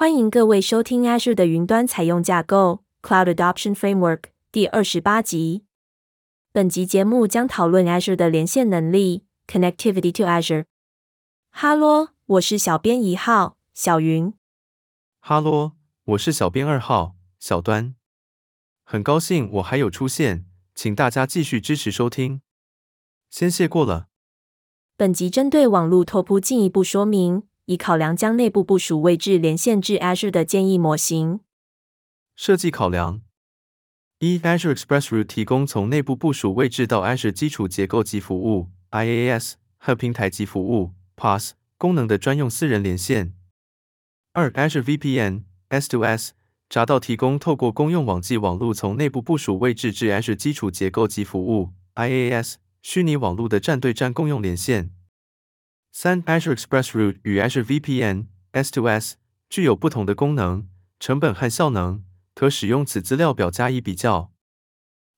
歡迎各位收聽 Azure 的雲端採用架構 Cloud Adoption Framework 第二十八集。本集節目將討論 Azure 的連線能力 Connectivity to Azure。哈嘍，我是小編一號，小雲。哈嘍，我是小編二號，小端。很高興我還有出現，請大家繼續支持收聽，先謝過了。本集針對網路拓撲進一步說明。以考量將內部部署位置連線至 Azure 的建議模型設計考量：一、Azure ExpressRoute 提供從內部部署位置到 Azure 基礎結構及服務 （IaaS） 和平台級服務 p a s s 功能的專用私人連線；二、Azure VPN S-to-S 閘道提供透過公用網際網絡從內部部署位置至 Azure 基礎結構及服務 （IaaS） 虛擬網絡的站對站共用連線。三 Azure ExpressRoute 與 Azure VPN S2S 具有不同的功能、成本和效能，可使用此資料表加以比較。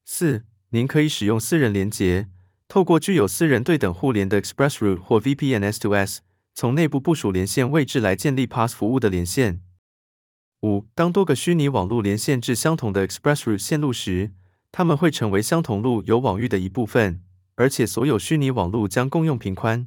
四，您可以使用私人連接，透過具有私人對等互聯的 ExpressRoute 或 VPN S2S，從內部部署連線位置來建立 PaaS 服務的連線。五，當多個虛擬網絡連線至相同的 ExpressRoute 線路時，它們會成為相同路由網域的一部分，而且所有虛擬網絡將共用頻寬。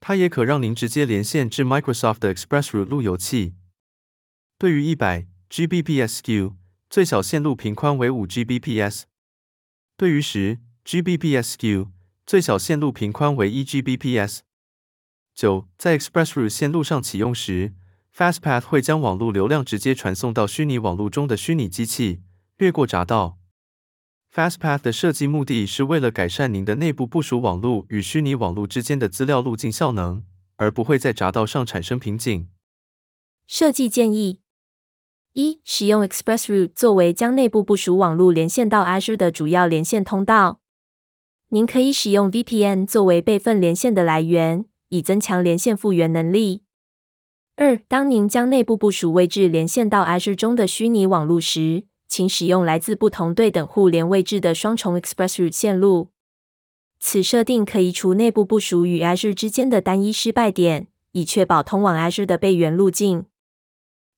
它也可讓您直接連線至 Microsoft 的 ExpressRoute 路由器。對於一百 GbpsQ，最小線路頻寬為五 Gbps；對於十 GbpsQ，最小線路頻寬為一 Gbps。九，在 ExpressRoute 線路上啟用時，FastPath 會將網絡流量直接傳送到虛擬網絡中的虛擬機器，略過閘道。FastPath 的設計目的是為了改善您的內部部署網絡與虛擬網絡之間的資料路徑效能，而不會在閘道上產生瓶頸。設計建議：一、使用 ExpressRoute 作為將內部部署網絡連線到 Azure 的主要連線通道。您可以使用 VPN 作為備份連線的來源，以增強連線復原能力。二、當您將內部部署位置連線到 Azure 中的虛擬網絡時，請使用來自不同對等互聯位置的雙重 ExpressRoute 線路。此設定可以移除內部部署與 Azure 之間的單一失敗點，以確保通往 Azure 的備援路徑。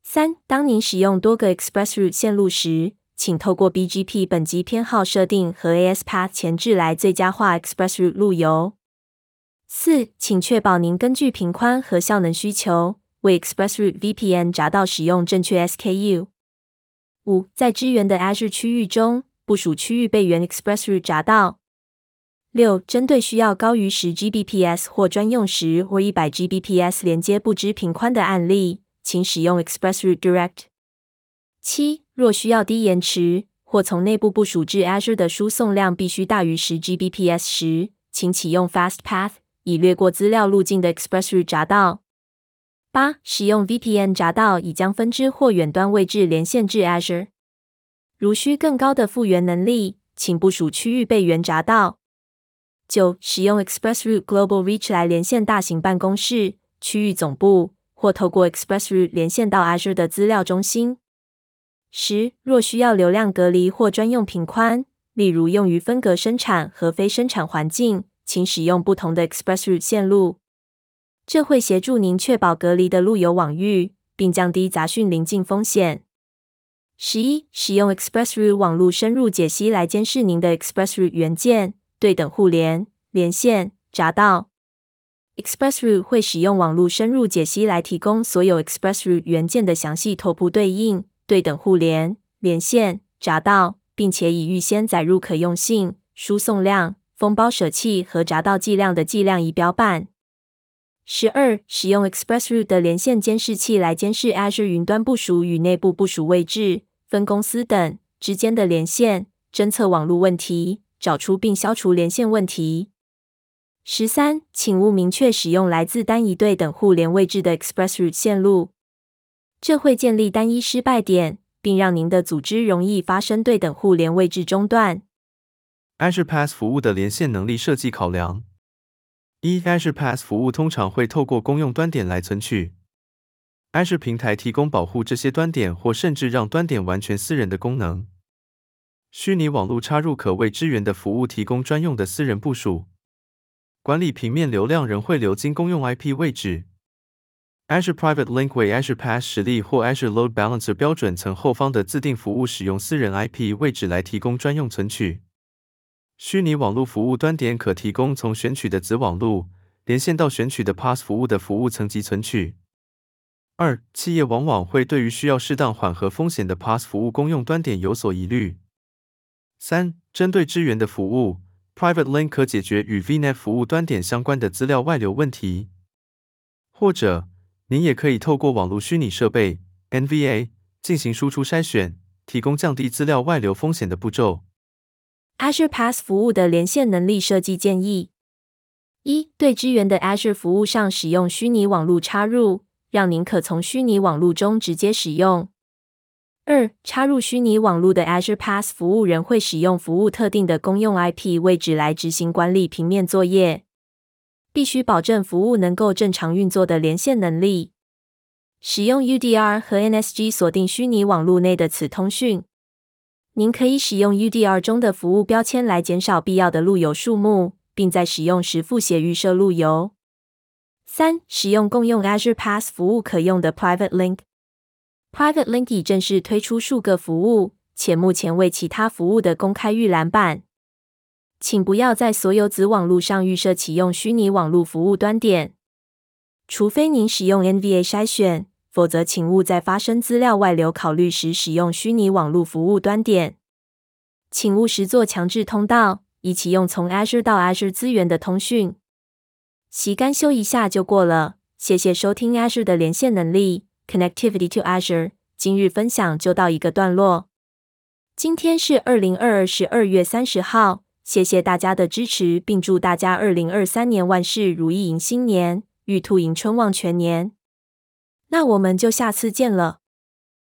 三、當您使用多個 ExpressRoute 線路時，請透過 BGP 本機偏好設定和 AS Path 前置來最佳化 ExpressRoute 路由。四、請確保您根據頻寬和效能需求，為 ExpressRoute VPN 閘道使用正確 SKU。五，5. 在支援的 Azure 區域中，部署區域備援 ExpressRoute 閘道。六、針對需要高於十 Gbps 或專用十，或一百 Gbps 連接，不知頻寬的案例，請使用 ExpressRoute Direct。七、若需要低延遲，或從內部部署至 Azure 的輸送量必須大於十 Gbps 時，請啟用 Fast Path，以略過資料路徑的 ExpressRoute 閘道。八、使用 VPN 閘道以將分支或遠端位置連線至 Azure。如需更高的復原能力，請部署區域備援閘道。九、使用 ExpressRoute Global Reach 來連線大型辦公室、區域總部，或透過 ExpressRoute 連線到 Azure 的資料中心。十、若需要流量隔離或專用頻寬，例如用於分隔生產和非生產環境，請使用不同的 ExpressRoute 線路。這會協助您確保隔離的路由網域，並降低雜訊臨近風險。十一，使用 ExpressRoute 網路深入解析來監視您的 ExpressRoute 元件對等互聯連線閘道。ExpressRoute 會使用網路深入解析來提供所有 ExpressRoute 元件的詳細拓撲對應對等互聯連線閘道，並且已預先載入可用性、輸送量、封包捨棄和閘道計量的計量儀表板。十二，12, 使用 ExpressRoute 的連線監視器來監視 Azure 雲端部署與內部部署位置、分公司等之間的連線，偵測網絡問題，找出並消除連線問題。十三，請勿明確使用來自單一對等互聯位置的 ExpressRoute 線路，這會建立單一失敗點，並讓您的組織容易發生對等互聯位置中斷。Azure PaaS 服務的連線能力設計考量。Azure PaaS 服務通常會透過公用端點來存取。Azure 平台提供保護這些端點，或甚至讓端點完全私人的功能。虛擬網絡插入可為支援的服務提供專用的私人部署。管理平面流量仍會流經公用 IP 位置。Azure Private Link 為 Azure PaaS 實例或 Azure Load Balancer 標準層後方的自定服務使用私人 IP 位置來提供專用存取。虛擬網絡服務端點可提供從選取的子網路連線到選取的 PaaS 服務的服務層級存取。二、企業往往會對於需要適當緩和風險的 PaaS 服務公用端點有所疑慮。三、針對支援的服務，Private Link 可解決與 VNet 服務端點相關的資料外流問題，或者您也可以透過網絡虛擬設備 NVA 進行輸出篩選，提供降低資料外流風險的步驟。Azure PaaS 服務的連線能力設計建議：一，對支援的 Azure 服務上使用虛擬網絡插入，讓您可從虛擬網絡中直接使用。二，插入虛擬網絡的 Azure PaaS 服務人會使用服務特定的公用 IP 位置來執行管理平面作業，必須保證服務能夠正常運作的連線能力。使用 UDR 和 NSG 鎖定虛擬網絡內的此通訊。您可以使用 UDR 中的服務標籤來減少必要的路由數目，並在使用時覆寫預設路由。三、使用共用 Azure PaaS 服務可用的 Private Link。Private Link 已正式推出數個服務，且目前為其他服務的公開預覽版。請不要在所有子網路上預設啟用虛擬網絡服務端點，除非您使用 NVA 篩選。否則，請勿在發生資料外流考慮時使用虛擬網絡服務端點。請勿實做強制通道，以啟用從 Azure 到 Azure 資源的通訊。其干修一下就過了。謝謝收聽 Azure 的連線能力 Connectivity to Azure。今日分享就到一個段落。今天是二零二二年十二月三十號。謝謝大家的支持，並祝大家二零二三年萬事如意，迎新年，玉兔迎春旺全年。那我們就下次見了。